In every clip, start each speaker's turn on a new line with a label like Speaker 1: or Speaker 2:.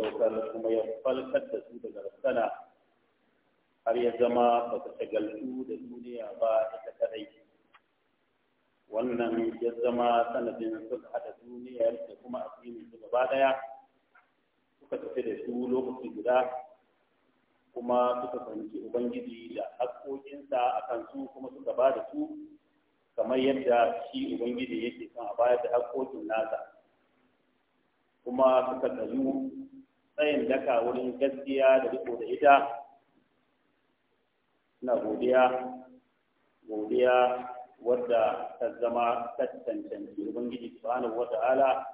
Speaker 1: saukar kuma ya falkar da su daga rasana har ya zama ba ta shagaltu da duniya ba ita kadai wannan ya zama sanadin suka hada duniya da kuma addinin su gaba daya suka tafi da su lokaci guda kuma suka fahimci ubangiji da haƙoƙinsa a kan su kuma suka ba da su kamar yadda shi ubangiji yake son a bayar da haƙoƙin nasa kuma suka tsayu tsayin daka wurin gaskiya da riko da ita na godiya godiya wadda ta zama ta cancanci gidi tsohon wa ta'ala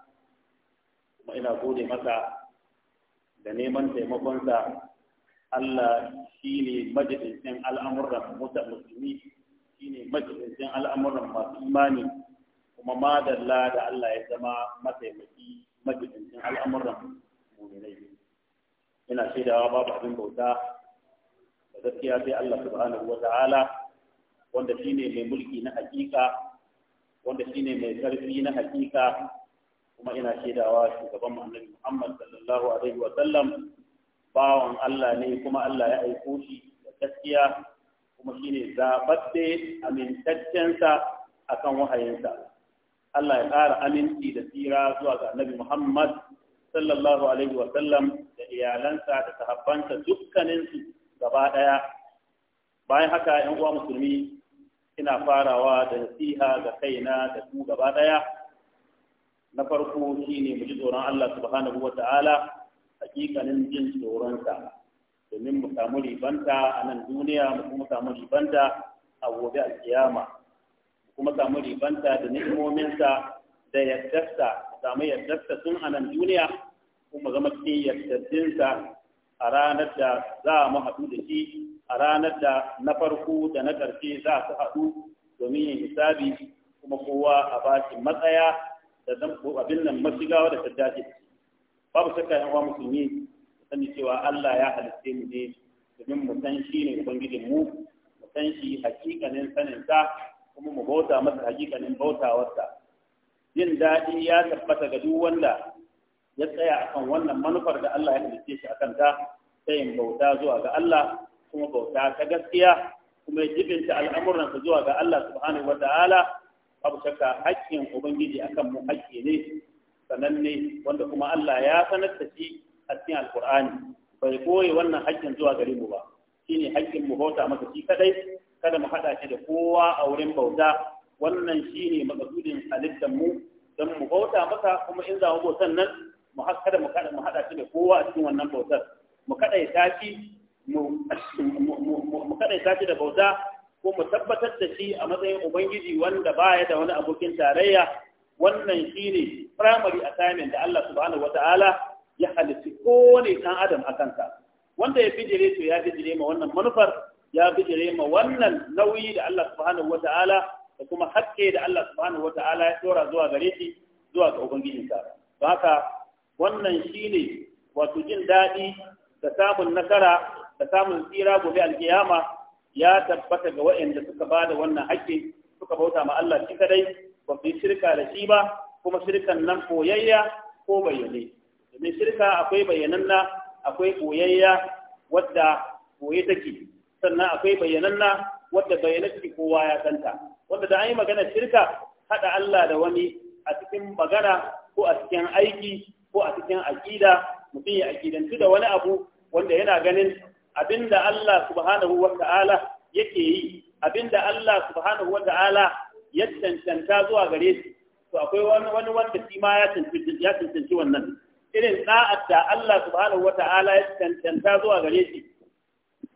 Speaker 1: kuma ina gode masa da neman taimakonsa Allah shi ne majalisin al'amuran muta musulmi shi ne majalisin al'amuran masu imani kuma madalla da Allah ya zama mataimaki majalisin al'amuran muminai ina shaidawa babu abin bauta da gaskiya sai Allah subhanahu wata'ala wanda shine mai mulki na hakika wanda shine mai karfi na hakika kuma ina shaidawa shugaban mu annabi Muhammad sallallahu alaihi wa sallam bawan Allah ne kuma Allah ya aiko shi da gaskiya kuma shine zababbe amintaccensa akan wahayinsa Allah ya ƙara aminci da tsira zuwa ga annabi Muhammad sallallahu alaihi wa sallam iyalansa da sahabbansa dukkaninsu gaba ɗaya bayan haka yan uwa musulmi ina farawa da nasiha ga kaina da su gaba ɗaya na farko shine mu ji tsoron Allah subhanahu wa ta'ala hakikanin jin tsoronsa domin mu samu ribanta a nan duniya mu kuma samu ribanta a gobe alkiyama mu kuma samu ribanta da ni'imominsa da yardarsa samu yaddarsa sun a nan duniya kuma zama ke yardaddinsa a ranar da za mu haɗu da shi a ranar da na farko da na ƙarshe za su haɗu domin yin hisabi kuma kowa a ba shi matsaya da abin nan mashigawa da taddace babu shakka yan uwa musulmi sani cewa Allah ya halitte mu ne domin mu san shi ne ubangijin mu mu san shi hakikanin sanin sa kuma mu bauta masa hakikanin bautawarsa jin daɗi ya tabbata ga duk wanda ya tsaya akan wannan manufar da Allah ya halitta shi akan ta yin bauta zuwa ga Allah kuma bauta ta gaskiya kuma ya jibinta al'amuransa zuwa ga Allah subhanahu wata'ala abu shakka haƙƙin ubangiji akan mu haƙƙi ne sananne wanda kuma Allah ya sanar da shi a cikin alƙur'ani bai koyi wannan haƙƙin zuwa gare mu ba shine haƙƙin mu bauta masa shi kadai kada mu haɗa shi da kowa a wurin bauta wannan shine makasudin halittar mu don mu bauta masa kuma in za mu bautan nan mu kada mu kada mu hada da kowa a cikin wannan bautar mu kada ya tashi mu kada ya tashi da bauta ko mu tabbatar da shi a matsayin ubangiji wanda baya da wani abokin tarayya wannan shine primary assignment da Allah subhanahu wataala ya halitta kowane dan adam a kansa wanda ya bijire to ya bijire ma wannan manufar ya bijire ma wannan nauyi da Allah subhanahu wataala da kuma hakke da Allah subhanahu wataala ya dora zuwa gare shi zuwa ga ubangijinsa don haka wannan shine wato jin daɗi da samun nasara da samun tsira gobe alkiyama ya tabbata ga waɗanda suka ba da wannan haƙƙi suka bauta ma Allah shi kadai ba su yi shirka da shi ba kuma shirkan nan koyayya ko bayyane domin shirka akwai bayyananna akwai koyayya wadda koye take sannan akwai bayyananna wadda bayyana take kowa ya santa wanda da an yi magana shirka haɗa Allah da wani a cikin magana ko a cikin aiki ko a cikin aƙida mutum ya aƙidantu da wani abu wanda yana ganin abinda Allah subhanahu wa ta'ala yake yi abinda Allah subhanahu wa ta'ala ya cancanta zuwa gare shi to akwai wani wani wanda shi ma ya cancanci ya cancanci wannan irin sa'ar da Allah subhanahu wa ta'ala ya cancanta zuwa gare shi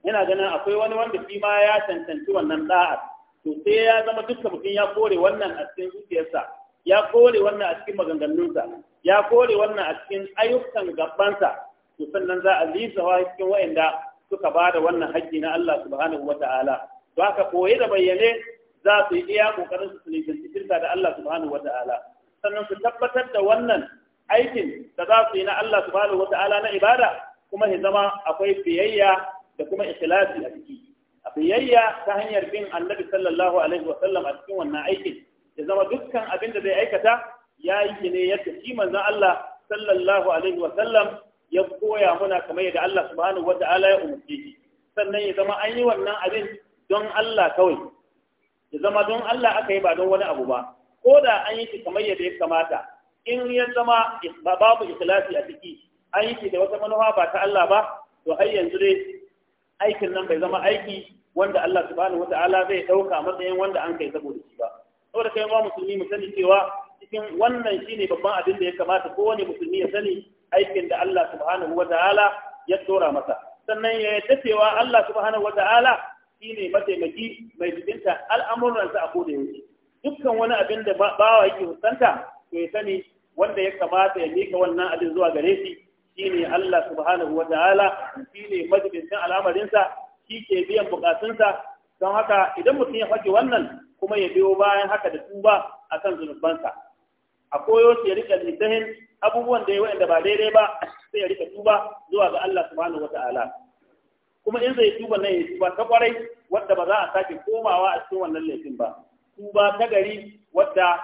Speaker 1: yana ganin akwai wani wanda shi ma ya cancanci wannan sa'ar to sai ya zama duka mutum ya kore wannan a cikin zuciyarsa ya kore wannan a cikin maganganunsa ya kore wannan a cikin ayyukan gabansa to sannan za a lisawa cikin wa'anda suka ba da wannan haƙƙi na Allah subhanahu wa ta'ala to haka koye da bayyane za su yi iya kokarin su sulhunci shirka da Allah subhanahu wa ta'ala sannan su tabbatar da wannan aikin da za su yi na Allah subhanahu wa ta'ala na ibada kuma ya zama akwai biyayya da kuma ikhlasi a ciki a biyayya ta hanyar bin annabi sallallahu alaihi wa sallam a cikin wannan aikin ya zama dukkan abin da zai aikata ya yi ne yadda shi manzon Allah sallallahu alaihi wa sallam ya koya muna kamar yadda Allah subhanahu wa ta'ala ya umarce shi sannan ya zama an yi wannan abin don Allah kawai ya zama don Allah aka yi ba don wani abu ba ko da an yi shi kamar yadda ya kamata in ya zama babu ikhlasi a ciki an yi shi da wata manufa ba ta Allah ba to har yanzu dai aikin nan bai zama aiki wanda Allah subhanahu ta'ala zai dauka matsayin wanda an kai saboda shi ba saboda kai ma musulmi mu sani cewa cikin wannan shine babban abin da ya kamata kowane musulmi ya sani aikin da Allah subhanahu wa ta'ala ya tsora masa sannan ya yadda cewa Allah subhanahu wa ta'ala shine mataimaki mai jibinta al'amuransa a koda yaushe dukkan wani abin da bawa yake husanta to ya sani wanda ya kamata ya mika wannan abin zuwa gare shi shine Allah subhanahu wa ta'ala shine majibintan al'amarinsa shi ke biyan bukatunsa don haka idan mutum ya faɗi wannan kuma ya biyo bayan haka da tuba kan zunubansa a koyo shi ya rika lisahin abubuwan da ya wa'anda ba daidai ba sai ya rika tuba zuwa ga Allah subhanahu wata'ala kuma in zai tuba nan ya tuba ta kwarai wadda ba za a sake komawa a cikin wannan laifin ba tuba ta gari wadda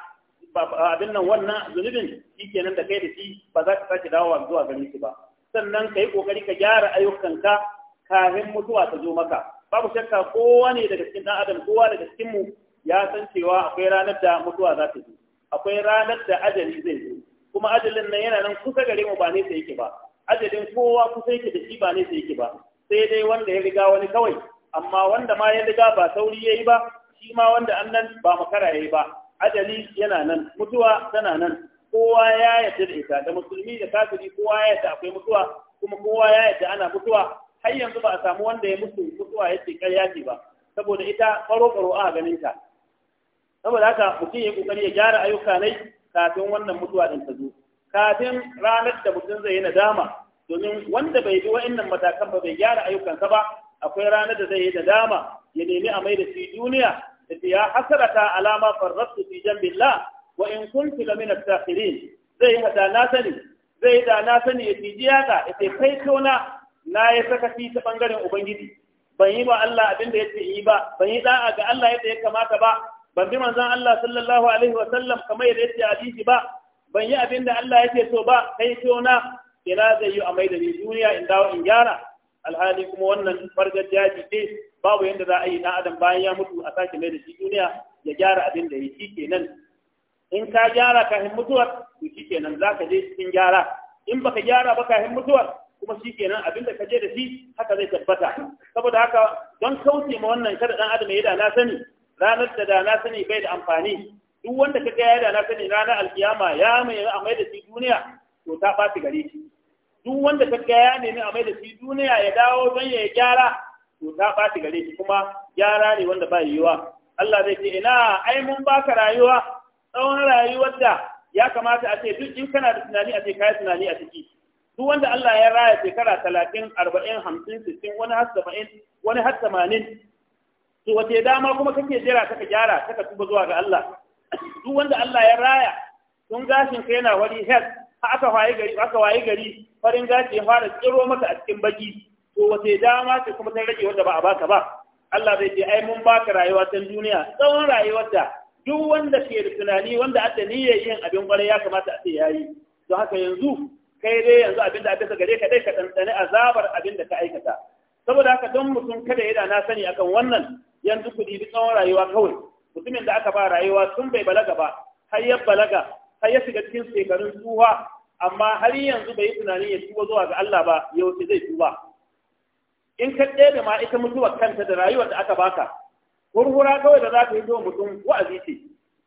Speaker 1: abin nan wannan zunubin shi kenan da kai da shi ba za ka sake dawowa zuwa gari su ba sannan ka yi kokari ka gyara ayyukanka kafin mutuwa ta zo maka babu shakka kowa ne daga cikin ɗan adam kowa daga cikin mu ya san cewa akwai ranar da mutuwa za ta zo akwai ranar da ajali zai zo kuma ajalin nan yana nan kusa gare mu ba nesa yake ba ajalin kowa kusa yake da shi ba nesa yake ba sai dai wanda ya riga wani kawai amma wanda ma ya riga ba sauri yayi ba shi ma wanda an nan ba makara yayi ba ajali yana nan mutuwa tana nan kowa ya yarda da ita da musulmi da kafiri kowa ya yarda akwai mutuwa kuma kowa ya yarda ana mutuwa har yanzu ba a samu wanda ya mutu mutuwa yace ƙarya ce ba saboda ita faro faro a ganin ta saboda haka mutum ya kokari ya gyara ayyuka ne kafin wannan mutuwa din ta zo kafin ranar da mutum zai yi nadama domin wanda bai bi wa'annan matakan ba bai gyara ayyukansa ba akwai ranar da zai yi nadama ya nemi a maida. da shi duniya da ya hasarata alama farrastu fi jambillah wa in kuntu lamina takhirin zai yi hada na sani zai da na sani ya tiji yaka ya ce kai tona na ya saka fi ta bangaren ubangiji ban yi wa Allah abin da ya ce yi ba ban yi da'a ga Allah yadda ya kamata ba ban bi manzon Allah sallallahu alaihi wa sallam kamar yadda yake hadisi ba ban yi abin da Allah yake so ba kai so na ina zai yi a mai duniya in dawo in gyara alhali kuma wannan fargar jaji ce babu yadda za a yi dan adam bayan ya mutu a sake mai da shi duniya ya gyara abin da ya shi kenan in ka gyara kafin mutuwar to shi kenan za ka je cikin gyara in baka gyara ba kafin mutuwar kuma shi kenan abin da ka je da shi haka zai tabbata saboda haka don kauce ma wannan kada dan adam ya da na sani ranar da da na sani bai da amfani duk wanda ka gaya da na sani ranar alkiyama ya mai a mai da shi duniya to ta ɓaci gare shi duk wanda ka gaya ya nemi a mai da shi duniya ya dawo don ya gyara to ta ɓaci gare shi kuma gyara ne wanda ba yiwuwa Allah zai ce ina ai mun baka rayuwa tsawon rayuwar da ya kamata a ce duk in kana da tunani a ce kai tunani a ciki duk wanda Allah ya raya shekara talatin arba'in hamsin sittin wani har saba'in wani har tamanin to wace dama kuma kake jira kaka gyara kaka tuba zuwa ga Allah duk wanda Allah ya raya tun gashin ka yana wani health ha aka waye gari aka waye gari farin gashi ya fara tsiro maka a cikin baki to wace dama ce kuma ta rage wanda ba a baka ba Allah zai ce ai mun baka rayuwa ta duniya tsawon rayuwar da duk wanda ke da tunani wanda aka niyyar yin abin kwarai ya kamata a ce yayi don haka yanzu kai dai yanzu abin da aka gare ka dai ka tsantsani azabar abin da ka aikata saboda haka don mutum kada yana na sani akan wannan yanzu ku bi tsawon rayuwa kawai mutumin da aka ba rayuwa tun bai balaga ba har ya balaga har ya shiga cikin shekarun tsuha amma har yanzu bai yi tunanin ya tuba zuwa ga Allah ba yaushe zai tuba in ka ɗebe ma ita mutuwar kanta da rayuwar da aka baka hurhura kawai da za ka yi zuwa mutum wa'azi ce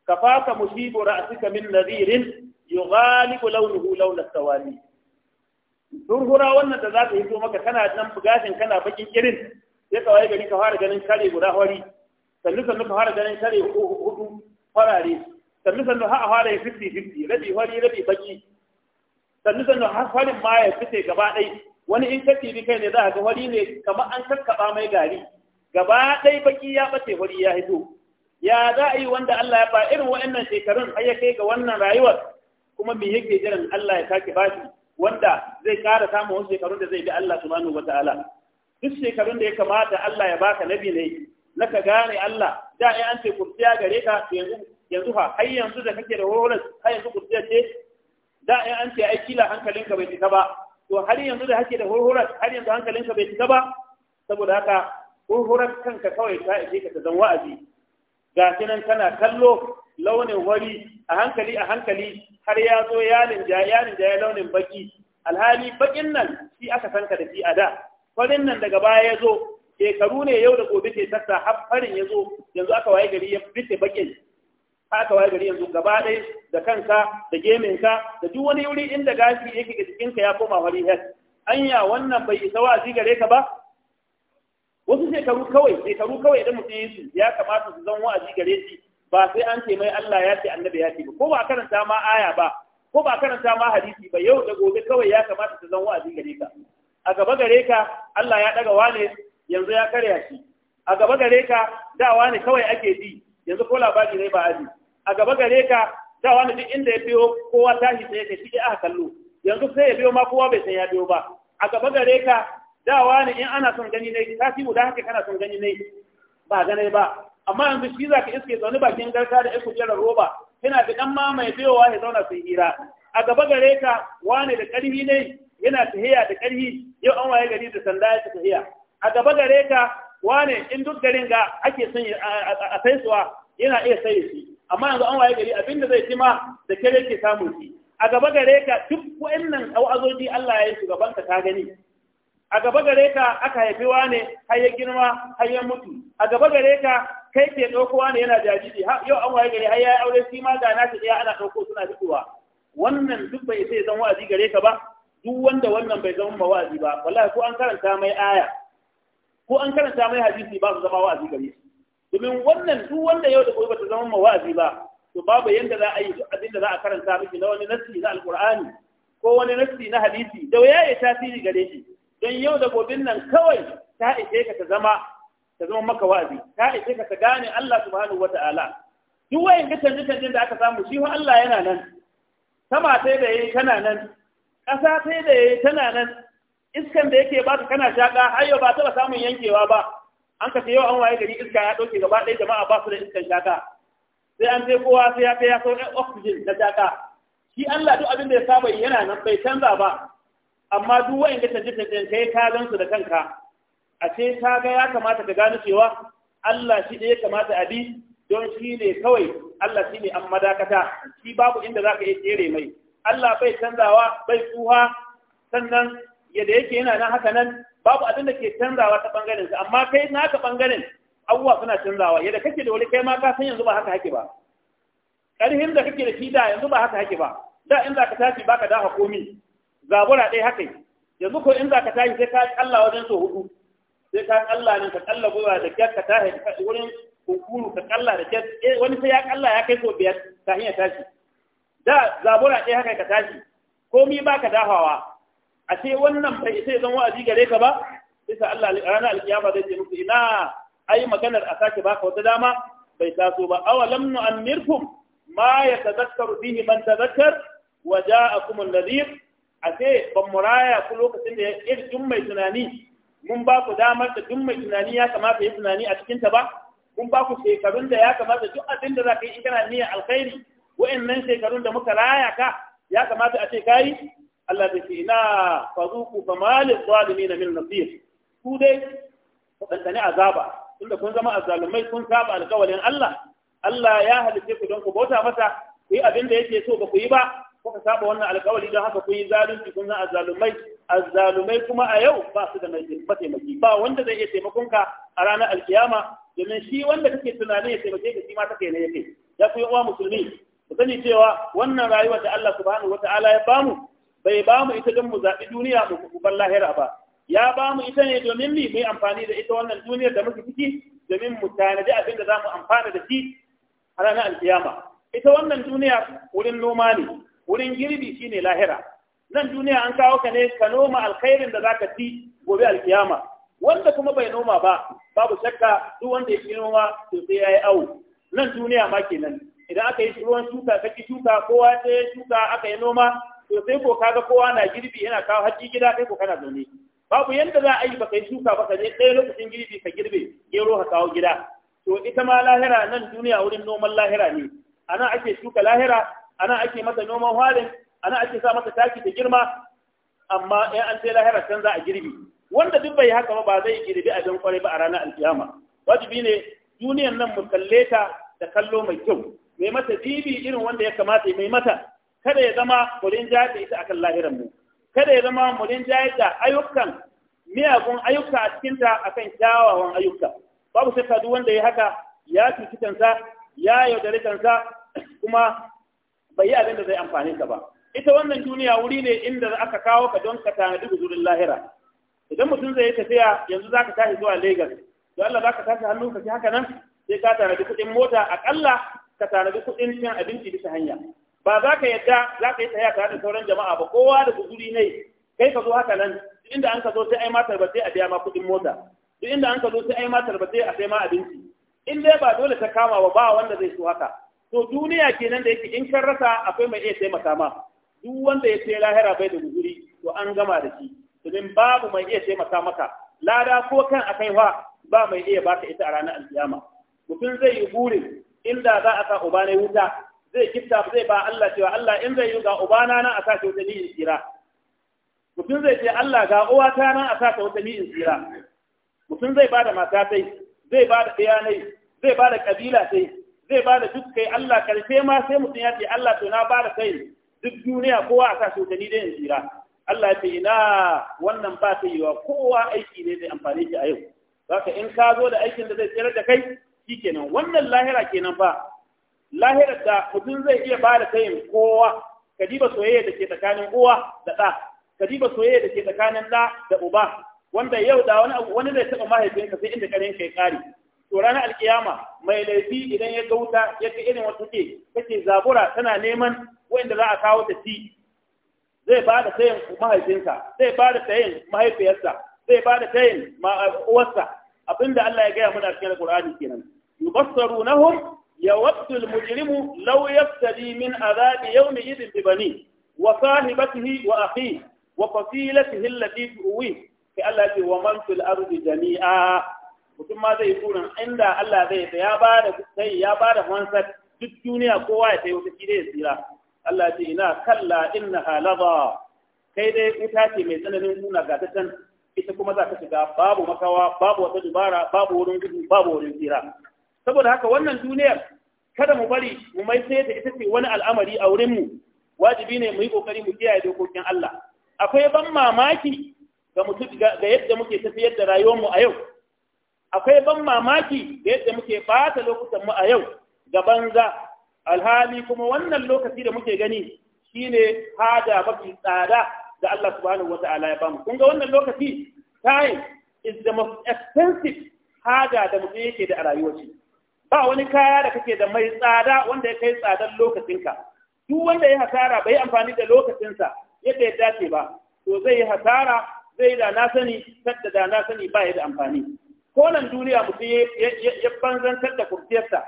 Speaker 1: ka faka musibu ra'asika min nadirin yughalibu launuhu launa sawani hurhura wannan da za ka yi zuwa maka kana nan bugashin kana bakin irin sai ka gari ka fara ganin kare guda hori sannu sannu ka fara ganin kare hudu farare sannu sannu har a fara ya fifty fifty rabi hori rabi baki sannu sannu har farin ma ya fite gaba ɗai wani in ka tibi kai ne za ka ga hori ne kamar an kakkaɓa mai gari gaba ɗai baki ya ɓace hori ya hito ya za a yi wanda Allah ya ba irin wa'annan shekarun har ya kai ga wannan rayuwar kuma me yake jiran Allah ya sake bashi wanda zai ƙara samun wasu shekarun da zai bi Allah subhanahu wa ta'ala duk shekarun da ya kamata Allah ya baka nabi ne na ka gane Allah da ai an ce kursiya gare ka yanzu yanzu fa har yanzu da kake da horon har yanzu kursiya ce da ai an ce ai kila hankalinka bai cika ba to har yanzu da kake da horon har yanzu hankalinka bai cika ba saboda haka horon kanka kawai ta ishe ka ta zan wa'azi ga nan kana kallo launin wari a hankali a hankali har ya zo ya linja ya linja ya launin baki alhali bakin nan shi aka sanka da shi a da farin nan daga baya ya zo shekaru ne yau da gobe ke tasa har farin ya zo yanzu aka waye gari ya fice bakin aka waye gari yanzu gaba ɗaya da kanka da geminka da duk wani wuri inda gashi yake ga jikinka ya koma wari head anya wannan bai isa wa'azi gare ka ba wasu shekaru kawai shekaru kawai da mutum yi su ya kamata su zan wa'azi gare shi ba sai an ce mai Allah ya ce annabi ya ce ba ko ba karanta ma aya ba ko ba karanta ma hadisi ba yau da gobe kawai ya kamata su zan wa'azi gare ka a gaba gare ka Allah ya daga wane yanzu ya karya shi a gaba gare ka da wane kawai ake bi yanzu ko labari ne ba aji a gaba gare ka da wane duk inda ya biyo kowa tashi sai ka shi aka kallo yanzu sai ya biyo ma kowa bai san ya biyo ba a gaba gare ka da wane in ana son gani ne tashi da haka kana son gani ne ba gane ba amma yanzu shi za ka iske zaune bakin garka da ya kujerar roba Kina da dan ma mai biyowa ya zauna sai hira a gaba gare ka wane da karfi ne yana tahiya da ƙarfi yau an waye gari da sanda ya tahiya a gaba gare ka wane in duk garin ga ake son a saisuwa yana iya saye shi amma yanzu an waye gari abinda zai ci ma da kere ke samu shi a gaba gare ka duk wa'annan wa'azoji Allah ya yi shugaban ka ta gani a gaba gare ka aka haifi wane har ya girma har ya mutu a gaba gare ka kai ke ɗauko wane yana jariri yau an waye gari har ya yi aure shi ma ga ta ɗaya ana ɗauko suna fitowa wannan duk bai sai zan wa'azi gare ka ba duk wanda wannan bai zama wa'azi ba wallahi ko an karanta mai aya ko an karanta mai hadisi ba su zama wa'azi gare shi domin wannan duk wanda yau da gobe ta zama wa'azi ba to babu yanda za a yi abin da za a karanta miki na wani nassi na alqur'ani ko wani nassi na hadisi da ya yi tasiri gare shi don yau da gobin nan kawai ta ishe ka ta zama ta zama maka wa'azi ta ishe ka ta gane Allah subhanahu wata'ala duk wayan ga canje canjen da aka samu shi Allah yana nan sama sai da yayi kana nan ƙasa sai da ya tana nan iskan da yake ba kana shaƙa har yau ba taɓa samun yankewa ba an ka yau an waye gari iska ya ɗauke gaba ɗaya jama'a ba su da iskan shaƙa sai an sai kowa sai ya kai ya sau oxygen na shaƙa shi Allah duk abin da ya saba yana nan bai canza ba amma duk wa'in da canje canje kai ka gan su da kanka a ce ka ga ya kamata ka gano cewa Allah shi ne ya kamata a bi don shi ne kawai Allah shi ne an madakata shi babu inda za ka iya tsere mai Allah bai canzawa bai tsuha sannan yadda yake yana nan haka nan babu abin da ke canzawa ta bangaren sa amma kai naka bangaren abubuwa suna canzawa yadda kake da wani kai ma ka san yanzu ba haka hake ba ƙarfin da kake da shi da yanzu ba haka hake ba da in za ka tashi baka dafa komi zabura ɗaya haka yanzu ko in za ka tashi sai ka kalla wajen so hudu sai ka kalla ne ka kalla gwiwa da kyar ka tashi wurin kunkuru ka kalla da kyar eh, wani sai ya kalla ya kai so biyar kafin ya tashi da zabura ɗaya haka ka tashi komi ba ka dafawa a ce wannan bai sai zan wa'azi gare ka ba bisa Allah ranar alkiyama zai ce muku ina ai maganar a sake baka wata dama bai taso ba an nu'ammirkum ma ya yatadhakkaru bihi man tadhakkar wa ja'akum an-nadhir a ce ban muraya ku lokacin da ya jin mai tunani mun ba ku damar da jin mai tunani ya kamata ya tunani a cikinta ba mun ba ku shekarun da ya kamata duk abin da za ka yi in kana niyyar alkhairi nan shekarun da muka raya ka ya kamata a ce kai Allah da ce na fazuku fa malil na min nasir ku dai ku dandane azaba tunda kun zama azalumai kun saba alƙawarin Allah Allah ya halice ku don ku bauta masa ku yi abin da yake so ba ku yi ba kuka saba wannan alƙawari don haka kun yi zalunci kun zama azalumai? Azalumai kuma a yau ba su da mataimaki ba wanda zai iya taimakon ka a ranar alkiyama domin shi wanda kake tunanin ya taimake ka shi ma take ne yake ya ku yi uwa musulmi ku sani cewa wannan rayuwa da Allah subhanahu wata'ala ya bamu bai bamu ita don mu zaɓi duniya mu bar lahira ba ya bamu ita ne domin mu yi amfani da ita wannan duniyar da muke ciki domin mu tanadi abin da mu amfana da shi a ranar alkiyama ita wannan duniya wurin noma ne wurin girbi shine lahira nan duniya an kawo ka ne ka noma alkhairin da zaka ci gobe alkiyama wanda kuma bai noma ba babu shakka duk wanda ya yi noma to sai yayi awo nan duniya ma kenan idan aka yi ruwan shuka ka ki shuka kowa ta yi shuka aka yi noma to sai ko kaga kowa na girbi yana kawo hatsi gida kai ko kana zaune babu yanda za a yi baka yi shuka ba ka je ɗaya lokacin girbi ka girbe gero ka kawo gida to ita ma lahira nan duniya wurin noman lahira ne ana ake shuka lahira ana ake masa noman halin ana ake sa masa taki da girma amma in an sai lahira can za a girbi wanda duk bai haka ba ba zai girbi abin kwarai ba a ranar alkiyama wajibi ne duniyan nan mu kalle ta da kallo mai kyau mai mata jibi irin wanda ya kamata mai mata kada ya zama mulin jaji ita akan lahiran mu kada ya zama mulin jaji da ayyukan miyagun ayyuka a ta akan kyawawan ayyuka babu shakka duk wanda ya haka ya cuci kansa ya yaudare kansa kuma bai yi abin da zai amfane ka ba ita wannan duniya wuri ne inda aka kawo ka don ka tanadi guzurin lahira idan mutum zai tafiya yanzu za ka tashi zuwa lagos to allah za ka tashi hannu ka ci haka nan sai ka tanadi kuɗin mota akalla ka tanadi kuɗin cin abinci bisa hanya ba za ka yadda za ka yi tsaya tare da sauran jama'a ba kowa da guzuri ne kai ka zo haka nan duk inda an ka zo sai ai ma tarbace a biya ma kuɗin mota duk inda an ka zo sai ai ma tarbace a sai ma abinci in dai ba dole ta kama wa ba wanda zai so haka to duniya kenan da yake in kan rasa akwai mai iya taimaka ma duk wanda ya ce lahira bai da guzuri to an gama da shi domin babu mai iya taimaka maka lada ko kan akai wa ba mai iya baka ita a ranar alkiyama mutum zai yi burin inda za a sa uba ne wuta zai kifta zai ba Allah cewa Allah in zai yi ga ubana na a sa ta wuta ni in tsira mutum zai ce Allah ga uwata na a sa ta wuta ni in tsira mutum zai ba da mata sai zai ba da ɗaya ne zai ba da ƙabila sai zai ba da duk kai Allah karfe ma sai mutum ya ce Allah to na ba da kai duk duniya kowa a sa ta wuta ni in tsira Allah ya ce ina wannan ba ta yiwa kowa aiki ne zai amfane shi a yau zaka in ka zo da aikin da zai tsirar da kai kenan wannan lahira kenan ba lahirar da mutum zai iya ba da kayan kowa kadiba soyayya da ke tsakanin uwa da ɗa kadiba soyayya da ke tsakanin ɗa da uba wanda yau da wani abu wani zai taɓa mahaifinka sai inda karen kai ƙari to ranar alkiyama mai laifi idan ya ga wuta ya ga irin wata ke kake zabura tana neman wanda za a kawo ta ci zai ba da tayin mahaifinsa zai ba da tayin mahaifiyarsa zai ba da tayin uwarsa abinda Allah ya gaya mana cikin Qur'ani kenan يبصرونهم يود المجرم لو يفتدي من عذاب يومئذ ببنيه وصاحبته وأخيه وفصيلته التي تؤويه كالتي ومن في الأرض جميعا mutum ma zai tunan inda Allah zai ta ya ba da sai ya ba da fansar duk duniya kowa ya sai wata kide ya tsira Allah ce ina kalla inna halaba kai dai wuta ce mai tsananin nuna ga ita kuma za ta shiga babu makawa babu wata dubara babu wurin gudu babu wurin tsira saboda haka wannan duniyar kada mu bari mu mai sai da ita ce wani al'amari a wurin mu wajibi ne mu yi kokari mu kiyaye dokokin Allah akwai ban mamaki ga mutum ga yadda muke tafiyar da mu a yau akwai ban mamaki ga yadda muke bata lokutan mu a yau ga banza alhali kuma wannan lokaci da muke gani shine hada mafi tsada da Allah subhanahu wata'ala ya bamu kun ga wannan lokaci time is the most expensive hada da mutum yake da a rayuwar ba wani kaya da kake da mai tsada wanda ya kai tsadan lokacinka duk wanda ya hasara bai amfani da lokacinsa yadda ya dace ba to zai yi hasara zai da na sani sadda da na sani ba ya da amfani ko duniya mutum ya banzan da kurciyarsa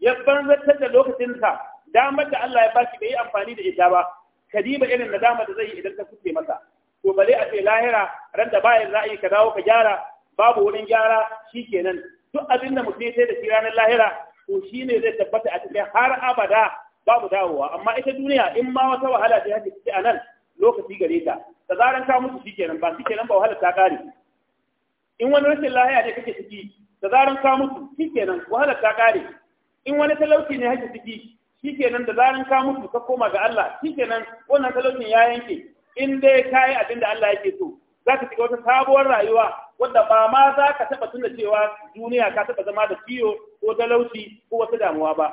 Speaker 1: ya banzan da lokacinsa damar da Allah ya baki bai yi amfani da ita ba kadiba irin nadamar da zai yi idan ka kuke masa to bale a ce lahira ran da bayan ra'ayi ka dawo ka gyara babu wurin gyara shi shikenan duk abin da mutum sai da shi ranar lahira to shi ne zai tabbata a cikin har abada babu dawowa amma ita duniya in ma wata wahala ce haka ce a nan lokaci gare ta da zaran ka mutu shi kenan ba shi kenan ba wahala ta kare in wani rashin lahiya ne kake ciki da zaran ka mutu shi kenan wahala ta kare in wani talauci ne hake ciki shi kenan da zaran ka mutu ka koma ga Allah shi kenan wannan talaucin ya yanke in dai kayi abin da Allah yake so za ka shiga wata sabuwar rayuwa wanda ba ma za ka taɓa tuna cewa duniya ka taɓa zama da ciwo ko talauci ko wata damuwa ba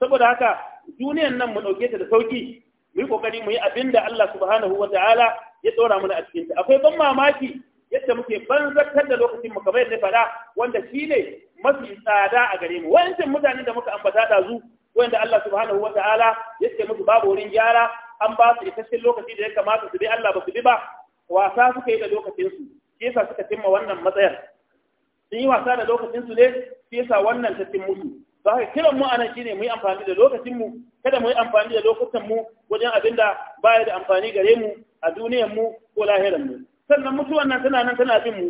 Speaker 1: saboda haka duniyan nan mu ɗauke ta da sauki mu yi ƙoƙari mu yi abin da Allah subhanahu wa ta'ala ya ɗora mana a ta. akwai ban mamaki yadda muke banzartar da lokacin mu kamar yadda faɗa wanda shi ne mafi tsada a gare mu wa'ancin mutanen da muka ambata da zu wanda Allah subhanahu wa ta'ala ya ce musu babu wurin gyara an ba su isasshen lokaci da ya kamata su bi Allah ba su bi ba wasa suka yi da lokacin su kesa yasa suka cimma wannan matsayar sun yi wasa da lokacin su ne yasa wannan ta mutu. su to ka kiran mu anan shine mu yi amfani da lokacin kada mu yi amfani da lokutan mu wajen abin da baya da amfani gare mu a duniyar mu ko lahirar mu sannan mutuwan nan tana nan tana bin mu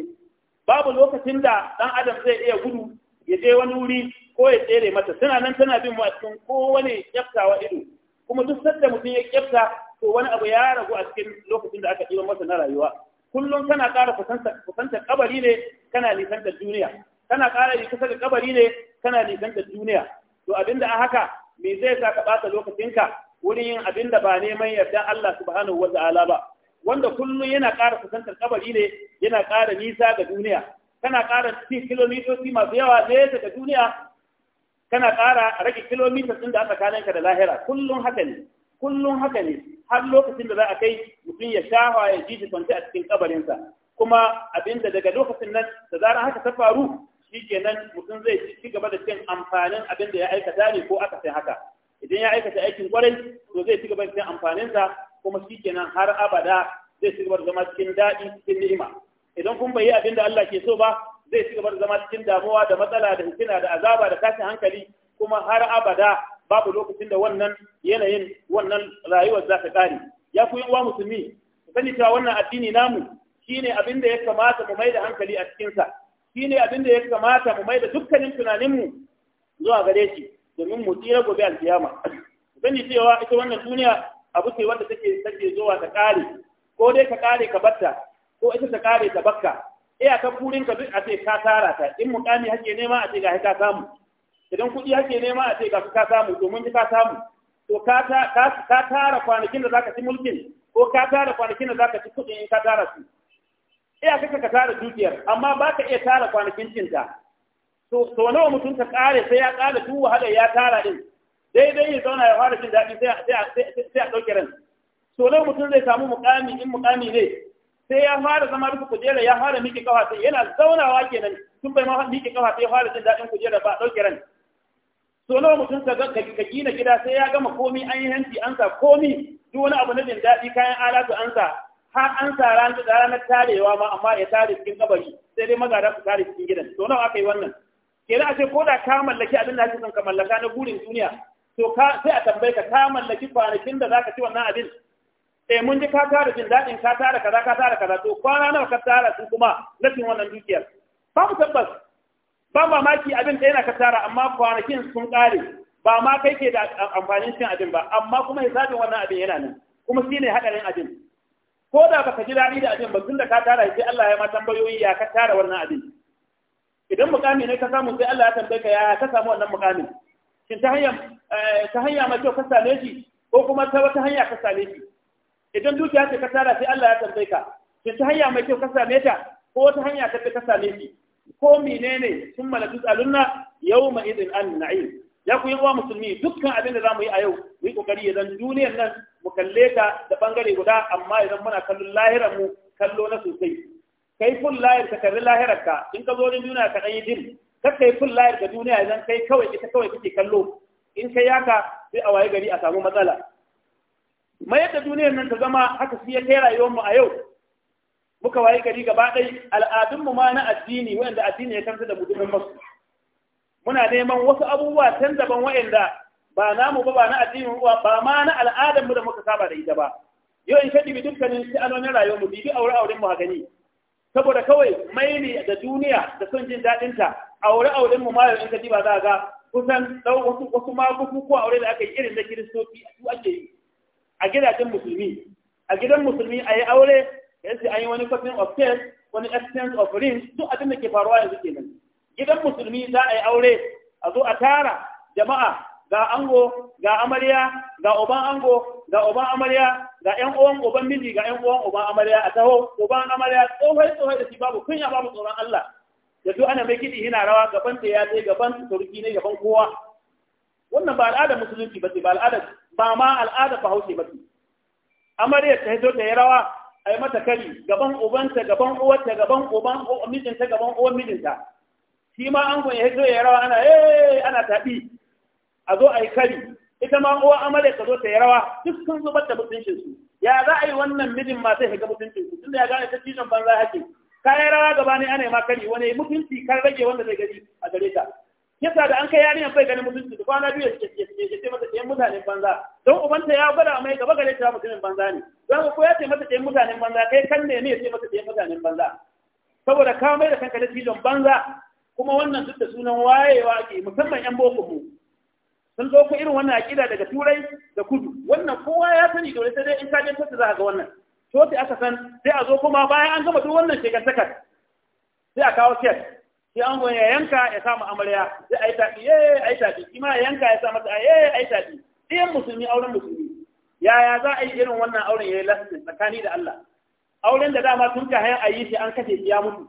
Speaker 1: babu lokacin da dan adam zai iya gudu ya je wani wuri ko ya tsere mata tana nan tana bin mu a cikin kowane kyaftawa ido kuma duk sanda mutum ya kyafta ko wani abu ya ragu a cikin lokacin da aka ɗiba masa na rayuwa kullum kana ƙara kusantar kabari ne kana nisan da duniya kana ƙara kusa da kabari ne kana nisan da duniya to abin a haka me zai sa ka ɓata lokacinka wurin yin abin da ba neman yarda Allah subhanahu wa ta'ala ba wanda kullum yana ƙara kusantar kabari ne yana ƙara nisa ga duniya kana ƙara ci kilomitoci masu yawa nesa ga duniya kana ƙara rage kilomita ɗin da aka kalanka da lahira kullum haka ne kullum haka ne har lokacin da za a kai mutum ya shafa ya ji shi kwanci a cikin kabarinsa kuma abinda daga lokacin nan da zarar haka ta faru kenan mutum zai ci gaba da cin amfanin abin da ya aikata ne ko aka sai haka idan ya aikata aikin kwarai to zai ci gaba da cin amfaninsa kuma shikenan har abada zai ci gaba da zama cikin daɗi cikin ni'ima idan kun bai yi abin da Allah ke so ba zai ci gaba da zama cikin damuwa da matsala da hikima da azaba da tashin hankali kuma har abada babu lokacin da wannan yanayin wannan rayuwar za ta kare ya fi yin musulmi ku sani cewa wannan addini namu shine abin da ya kamata mu mai da hankali a cikinsa. shi shine abin da ya kamata mu mai da dukkanin tunaninmu zuwa gare shi domin mu tsira gobe alkiyama ku sani cewa ita wannan duniya abu ce wanda take take zuwa ta kare ko dai ka kare ka batta ko ita ta kare ta bakka Iyakan burinka duk a ce ka tara ta in mukami hake nema a ce ga ka samu idan kuɗi ake nema a ce ga ka samu to mun ji ka samu to ka tara kwanakin da zaka ci mulkin ko ka tara kwanakin da zaka ci kuɗin in ka tara su iya kaka ka tara dukiyar amma ba ka iya tara kwanakin cinta to to nawa mutum ka kare sai ya kare duk wahalar ya tara din daidai ya zauna ya fara jin daɗi sai a ɗauke ran to nawa mutum zai samu mukami in mukami ne sai ya fara zama duka kujera ya fara miƙe kafa sai yana zaunawa kenan tun bai ma miƙe kafa sai ya fara jin daɗin kujera ba a ɗauke ran so nawa mutum ka ka gina gida sai ya gama komi an yi hanci an sa komi duk wani abu na jin daɗi kayan alatu an sa har an sa ranar ranar tarewa ma amma ya tare cikin kabari sai dai maza su tare cikin gidan so nawa aka yi wannan ke da ce ko da ka mallaki abin da ake son ka mallaka na burin duniya to ka sai a tambaye ka ka mallaki kwanakin da zaka ci wannan abin eh mun ji ka tara jin daɗin ka tara kaza ka tara kaza to kwana nawa ka tara su kuma na cin wannan dukiyar Ba mu tabbas ba mamaki abin ɗaya na ka tara amma kwanakin sun ƙare ba ma kai ke da amfanin cin abin ba amma kuma hisabin wannan abin yana nan kuma shi ne haɗarin abin ko da baka ji daɗi da abin ba tun da ka tara sai Allah ya ma tambayoyi ya ka tara wannan abin idan mukami ne ka samu sai Allah ya tambaye ka ya ka samu wannan mukamin shin ta hanya eh, ta hanya mai kyau ka same shi ko kuma ta wata hanya ka same shi idan dukiya ce ka tara sai Allah ya tambaye ka shin ta hanya mai kyau ka same ta ko wata hanya ta ka same shi ko menene sun malatu tsalunna yau ma idin an na'im ya ku yi uwa musulmi dukkan abin da za mu yi a yau mu yi kokari ya zan duniyar nan mu kalle ta da bangare guda amma idan muna kallon lahirar mu kallo na sosai kai full lahir ka kalli lahirar ka in ka zo duniya ka ɗan yi din kar kai full lahir duniya idan kai kawai ita kawai kake kallo in kai yaka sai a waye gari a samu matsala mayar yadda duniyar nan ta zama haka shi ya kai rayuwar mu a yau muka waye gari gaba ɗai al'adunmu ma na addini wanda addini ya canza da mutumin masu muna neman wasu abubuwa can daban wa'anda ba namu ba ba na addinin uwa ba ma na al'adarmu da muka saba da ita ba yau in shaɗi dukkanin sha'anonin rayuwar mu bibi aure auren mu gani saboda kawai mai ne da duniya da son jin daɗin ta aure auren mu ma yau in shaɗi ba za ga kusan wasu wasu magufu ko aure da aka yi irin na kiristoci su ake yi a gidajen musulmi a gidan musulmi a aure yanzu an yi wani kofin of case wani exchange of rings duk abin da ke faruwa yanzu nan. gidan musulmi za a yi aure a zo a tara jama'a ga ango ga amarya ga oban ango ga oban amarya ga ƴan uwan oban miji ga ƴan uwan oban amarya a taho oban amarya tsohon tsohon da shi babu kunya babu tsoron Allah da duk ana mai kiɗi yana rawa gaban ta ya je gaban turki ne gaban kowa wannan ba al'ada musulunci ba ce ba al'ada ba ma al'ada bahaushe ba ce amarya ta hito ta yi rawa ai mata kari gaban ubanta gaban uwarta gaban uban mijinta gaban uwan mijinta shi ma an ya zo ya rawa ana eh ana taɓi a zo ai kari ita ma uwa amare ka zo ta ya rawa duk sun zubar da mutuncin su ya za a yi wannan mijin ma sai ga mutuncin su tunda ya gane ta cizon banza hake ka ya rawa gaba ne ana ma kari wani mutunci kan rage wanda zai gari a gare ta yasa da an kai yarinyar bai ganin mutunci da kwana biyu da ke ce mata ɗayan mutanen banza don ubanta ya gwada mai gaba gare ta mutumin banza ne don ku ya ce mata ɗayan mutanen banza kai kan ne ne ya ce mata ɗayan mutanen banza saboda ka mai da kanka da filin banza kuma wannan duk da sunan wayewa ke, musamman yan boko mu sun ku irin wannan aƙida daga turai da kudu wannan kowa ya sani dole sai dai in ka je tattu za ka ga wannan to sai aka san sai a zo kuma bayan an gama duk wannan shekar sakar sai a kawo kiyar sai ango ya yanka ya samu amarya sai ai tafi eh ai tafi kima ya yanka ya samu eh ai tafi ɗayan musulmi auren musulmi yaya za a yi irin wannan auren ya yi lasin tsakani da Allah auren da dama tun ka hayan ayi shi an kashe shi ya mutu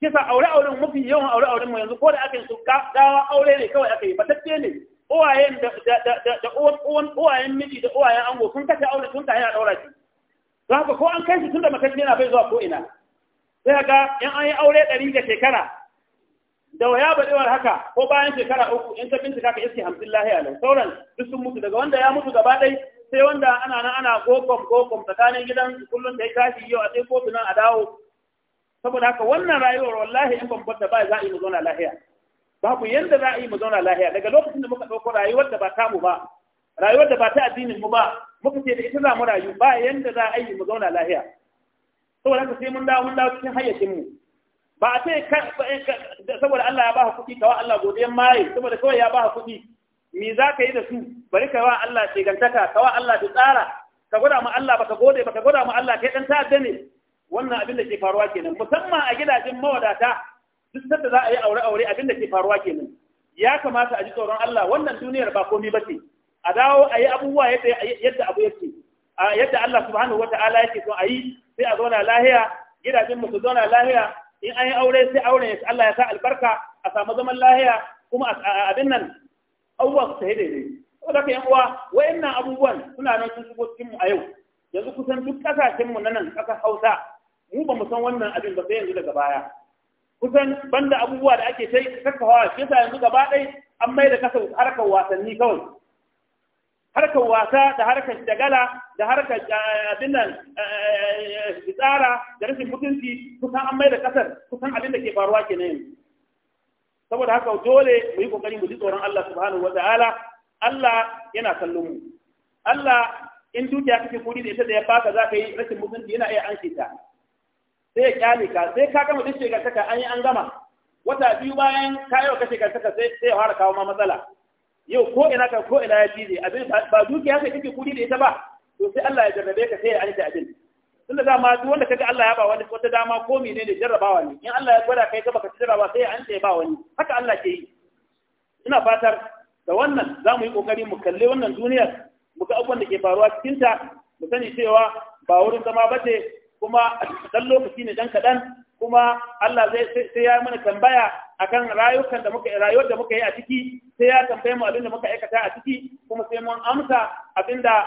Speaker 1: kisa aure auren mafi yawan aure auren mu yanzu ko da aka yi su dawa aure ne kawai aka yi fatacce ne uwayen da da uwan uwayen miji da uwayen ango sun kashe aure tun ka hayan daura shi don haka ko an kai shi tun da makashi yana bai zuwa ko ina sai ga in an yi aure ɗari da shekara da waya baɗewar haka ko bayan shekara uku in ta bincika ka iske hamsin lahiya lau sauran duk sun mutu daga wanda ya mutu gaba ɗai sai wanda ana nan ana gokom gokom tsakanin gidan kullum da ya tashi yau a sai kotu nan a dawo saboda haka wannan rayuwar wallahi in ban da ba za a yi mu zauna lahiya babu yanda za a yi mu zauna lahiya daga lokacin da muka ɗauko rayuwar da ba mu ba rayuwar da ba ta addinin mu ba muka ce da ita za mu rayu ba yanda za a yi mu zauna lahiya saboda haka sai mun dawo mun dawo cikin hayyacin mu ba a ce eh, saboda Allah ya baka kuɗi kawai Allah godiyan maye saboda kawai ya baka kuɗi me za ka yi da su bari ka wa Allah shegantaka kawai Allah ta tsara ka gwada mu Allah baka gode baka gwada mu Allah kai dan ta'adda ne wannan abin da ke faruwa kenan musamman a gidajen mawadata duk sanda za a yi aure aure abin da ke faruwa kenan ya kamata a ji tsoron Allah wannan duniyar ba komai ce a dawo a yi abubuwa yadda abu yake yadda Allah subhanahu wataala yake so a yi sai a zauna lahiya gidajen mu su zauna lahiya in an yi aure sai auren aure Allah ya sa albarka a samu zaman lahiya kuma abin nan abubuwa su sai daidai saboda ka yan uwa wayannan abubuwan suna nan sun shigo cikin a yau yanzu kusan duk kasashen mu na nan kasa Hausa mu ba mu san wannan abin ba sai yanzu daga baya kusan banda abubuwa da ake sai kakkawa shi yasa yanzu gaba ɗaya an mai da kasa harkar wasanni kawai harkar wasa da harkar shagala da harkar eh, abin nan eh, tsara da rashin mutunci kusan an mai da kasar kusan abin da ke faruwa ke nan saboda haka dole mu yi kokari mu ji tsoron Allah subhanahu wa ta'ala Allah yana kallon mu Allah in dukiya kake kuri da ita da ya baka za ka yi rashin mutunci yana iya anshi ta sai ya kyale ka sai ka gama duk shekar an yi an gama wata biyu bayan kayo kashe kan sai sai ya fara kawo ma matsala yau ko ina ka ko ina ya cije abin ba dukiya ka kike kudi da ita ba to sai Allah ya jarrabe ka sai ya alta abin tunda dama duk wanda kaga Allah ya ba wani wata dama ko menene jarrabawa ne in Allah ya gwada kai ka baka jarraba sai an tsaye ba wani haka Allah ke yi ina fatar da wannan za mu yi kokari mu kalle wannan duniyar mu ga abubuwan da ke faruwa cikin ta mu sani cewa ba wurin zama ba ce kuma dan lokaci ne dan kaɗan kuma Allah zai sai ya mana tambaya akan rayukan da muka rayuwar da muka yi a ciki sai ya tambaye mu abin da muka aikata a ciki kuma sai mun amsa abin da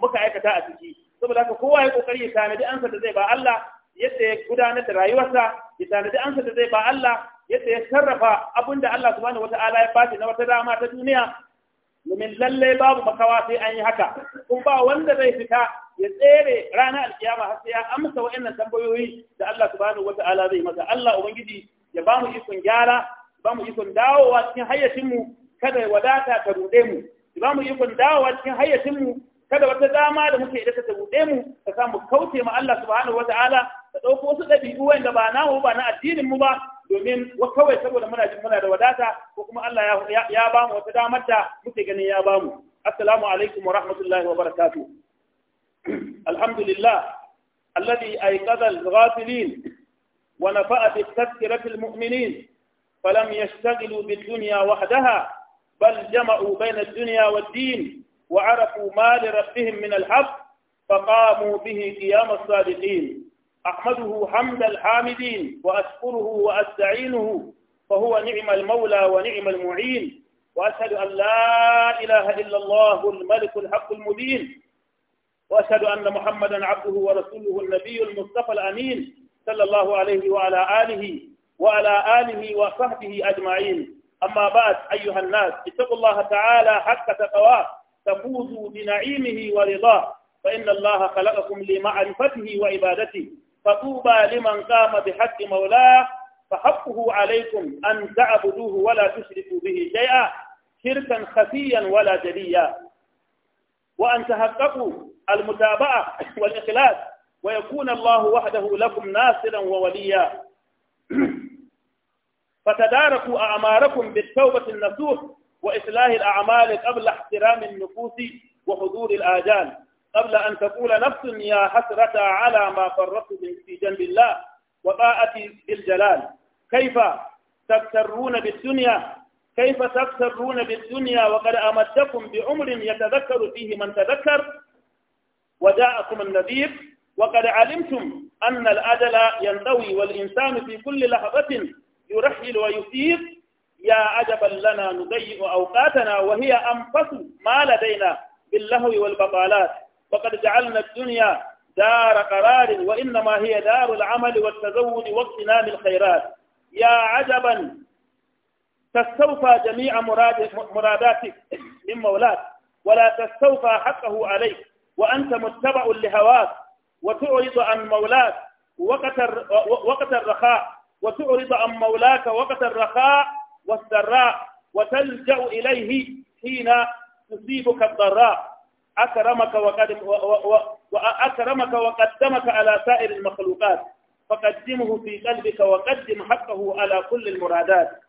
Speaker 1: muka aikata a ciki saboda haka kowa ya kokari ya tanadi ansa da zai ba Allah yadda ya gudanar da rayuwarsa ya tanadi ansa da zai ba Allah yadda ya sarrafa abin da Allah subhanahu wataala ya bashi na wata dama ta duniya domin lallai babu makawa sai an yi haka kuma ba wanda zai fita ya tsere ranar alkiyama har sai ya amsa wa'annan tambayoyi da Allah subhanahu wata'ala zai masa Allah ubangiji ya ba mu ikon gyara ba mu ikon dawowa cikin hayyacin mu kada ya wadata ta rude mu ya ba mu ikon dawowa cikin hayyacin mu kada wata dama da muke da ta rude mu ta samu kauce ma Allah subhanahu wata'ala ta dauko su dabi'u wanda ba namu ba na addinin mu ba domin kawai saboda muna jin muna da wadata ko kuma Allah ya ba mu wata damar da muke ganin ya ba mu assalamu alaikum wa rahmatullahi wa barakatuh alhamdulillah alladhi ayqadha al-ghafilin wa nafa'a bi tadhkiratil al-mu'minin falam yashtaghilu bid-dunya wahdaha بل جمعوا بين الدنيا والدين وعرفوا ما لربهم من الحق فقاموا به قيام الصادقين أحمده حمد الحامدين وأشكره وأستعينه فهو نعم المولى ونعم المعين وأشهد أن لا إله إلا الله الملك الحق المبين وأشهد أن محمدا عبده ورسوله النبي المصطفى الأمين صلى الله عليه وعلى آله وعلى آله وصحبه أجمعين أما بعد أيها الناس اتقوا الله تعالى حق تقواه تفوزوا بنعيمه ورضاه فإن الله خلقكم لمعرفته وعبادته فطوبى لمن قام بحق مولاه فحقه عليكم أن تعبدوه ولا تشركوا به شيئا شركا خفيا ولا جليا وأن تحققوا المتابعة والإخلاص ويكون الله وحده لكم ناصرا ووليا فتداركوا أعماركم بالتوبة النصوح وإصلاح الأعمال قبل احترام النفوس وحضور الآجال قبل أن تقول نفس يا حسرة على ما فرطت في جنب الله وطاعتي بالجلال كيف تفترون بالدنيا كيف تفترون بالدنيا وقد أمدكم بعمر يتذكر فيه من تذكر وجاءكم النذير وقد علمتم أن الأجل ينطوي والإنسان في كل لحظة يرحل ويثير يا عجبا لنا نضيع أوقاتنا وهي أنفس ما لدينا باللهو والبطالات فقد جعلنا الدنيا دار قرار وإنما هي دار العمل والتزود واغتنام الخيرات يا عجبا تستوفى جميع مراد مراداتك من مولاك ولا تستوفى حقه عليك وأنت متبع لهواك وتعرض عن مولاك وقت وقت الرخاء وتعرض عن مولاك وقت الرخاء والسراء وتلجأ إليه حين تصيبك الضراء أكرمك وقد وأكرمك وقدمك على سائر المخلوقات فقدمه في قلبك وقدم حقه على كل المرادات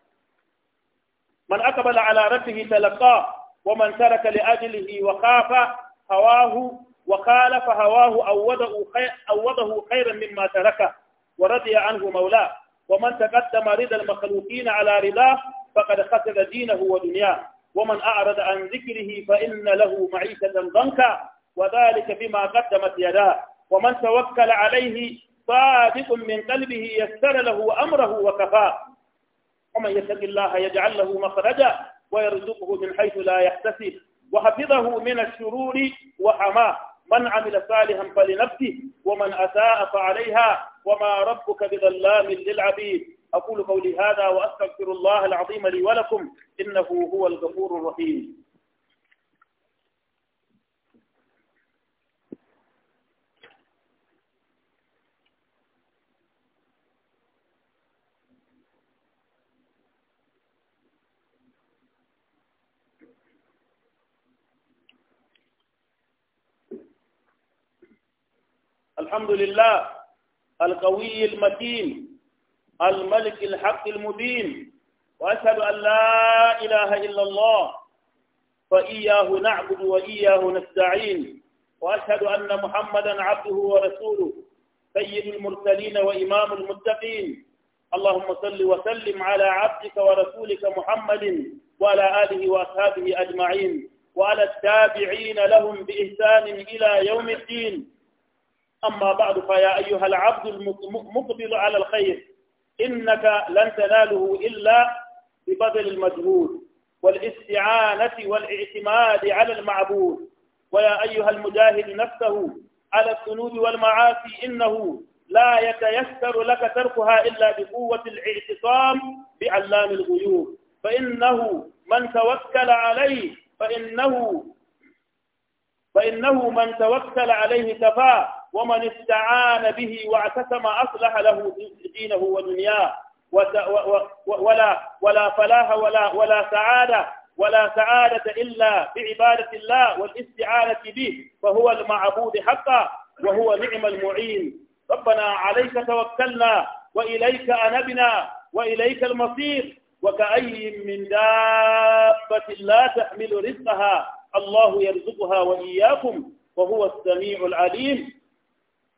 Speaker 1: من أقبل على ربه تلقاه ومن ترك لأجله وخاف هواه وخالف هواه أوده, خير خيرا مما تركه ورضي عنه مولاه ومن تقدم رضا المخلوقين على رضاه فقد خسر دينه ودنياه ومن أعرض عن ذكره فإن له معيشة ضنكا وذلك بما قدمت يداه ومن توكل عليه صادق من قلبه يسر له أمره وكفاه ومن يتق الله يجعل له مخرجا ويرزقه من حيث لا يحتسب وحفظه من الشرور وحماه من عمل صالحا فلنفسه ومن أساء فعليها وما ربك بظلام للعبيد أقول قولي هذا وأستغفر الله العظيم لي ولكم إنه هو الغفور الرحيم الحمد لله القوي المتين الملك الحق المبين وأشهد أن لا إله إلا الله فإياه نعبد وإياه نستعين وأشهد أن محمدا عبده ورسوله سيد المرسلين وإمام المتقين اللهم صل وسلم على عبدك ورسولك محمد وعلى آله وأصحابه أجمعين وعلى التابعين لهم بإحسان إلى يوم الدين أما بعد فيا أيها العبد المقبل على الخير إنك لن تناله إلا ببذل المجهود والاستعانة والاعتماد على المعبود ويا أيها المجاهد نفسه على الذنوب والمعاصي إنه لا يتيسر لك تركها إلا بقوة الاعتصام بعلام الغيوب فإنه من توكل عليه فإنه فإنه من توكل عليه كفاه ومن استعان به واعتصم أصلح له دينه ودنياه ولا ولا فلاح ولا ولا سعادة ولا سعادة إلا بعبادة الله والاستعانة به فهو المعبود حقا وهو نعم المعين ربنا عليك توكلنا وإليك أنبنا وإليك المصير وكأي من دابة لا تحمل رزقها الله يرزقها وإياكم وهو السميع العليم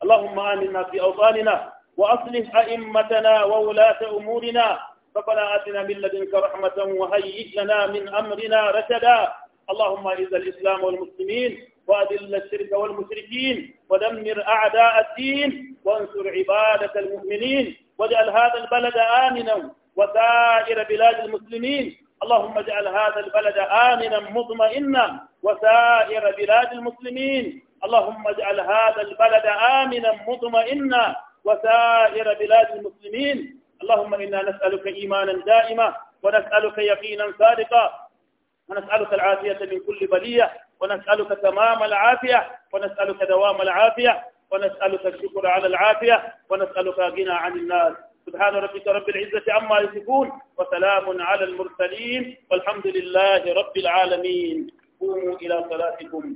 Speaker 1: اللهم آمنا في أوطاننا وأصلح أئمتنا وولاة أمورنا ربنا آتنا من لدنك رحمة وهيئ لنا من أمرنا رشدا اللهم أعز الإسلام والمسلمين وأذل الشرك والمشركين ودمر أعداء الدين وانصر عبادة المؤمنين واجعل هذا البلد آمنا وسائر بلاد المسلمين اللهم اجعل هذا البلد آمنا مطمئنا وسائر بلاد المسلمين اللهم اجعل هذا البلد آمنا مطمئنا وسائر بلاد المسلمين اللهم إنا نسألك إيمانا دائما ونسألك يقينا صادقا ونسألك العافية من كل بلية ونسألك تمام العافية ونسألك دوام العافية ونسألك الشكر على العافية ونسألك غنى عن الناس سبحان ربك رب العزة عما يصفون وسلام على المرسلين والحمد لله رب العالمين قوموا إلى صلاتكم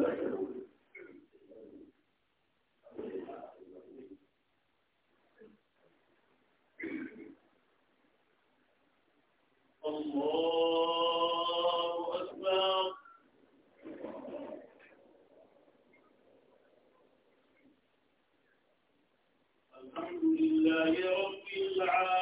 Speaker 2: الله أكبر الحمد لله رب العالمين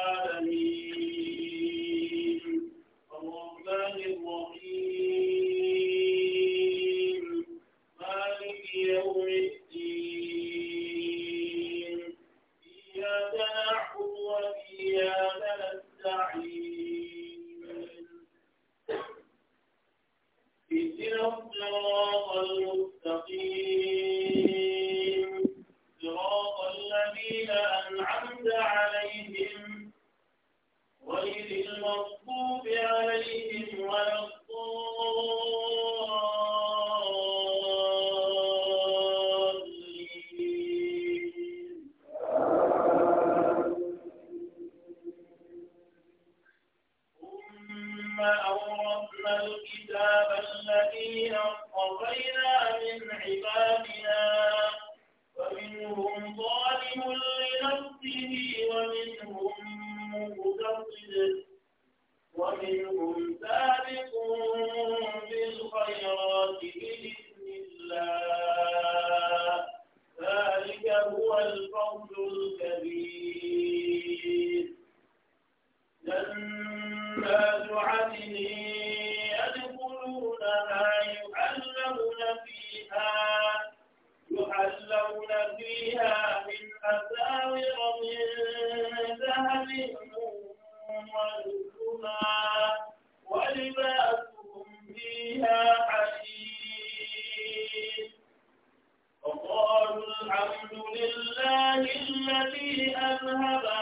Speaker 2: أذهب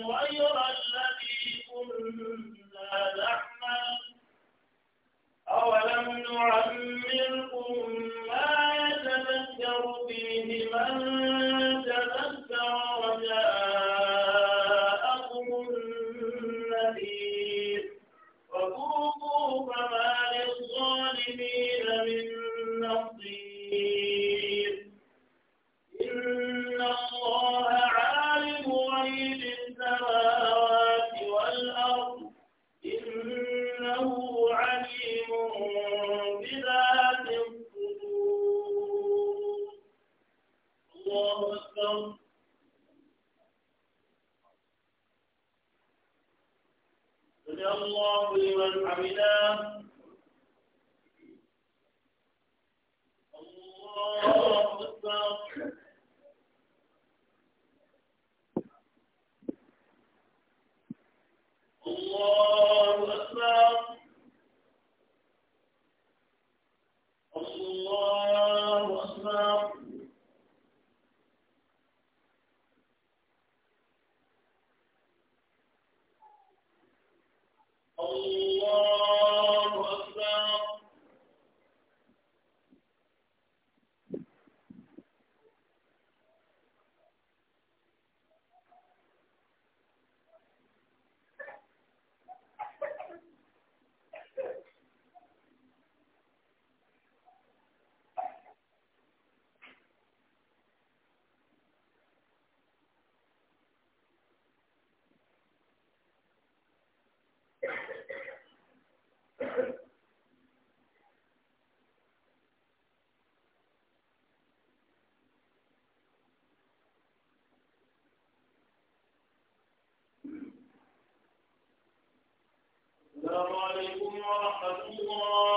Speaker 2: وأن ورحمة الله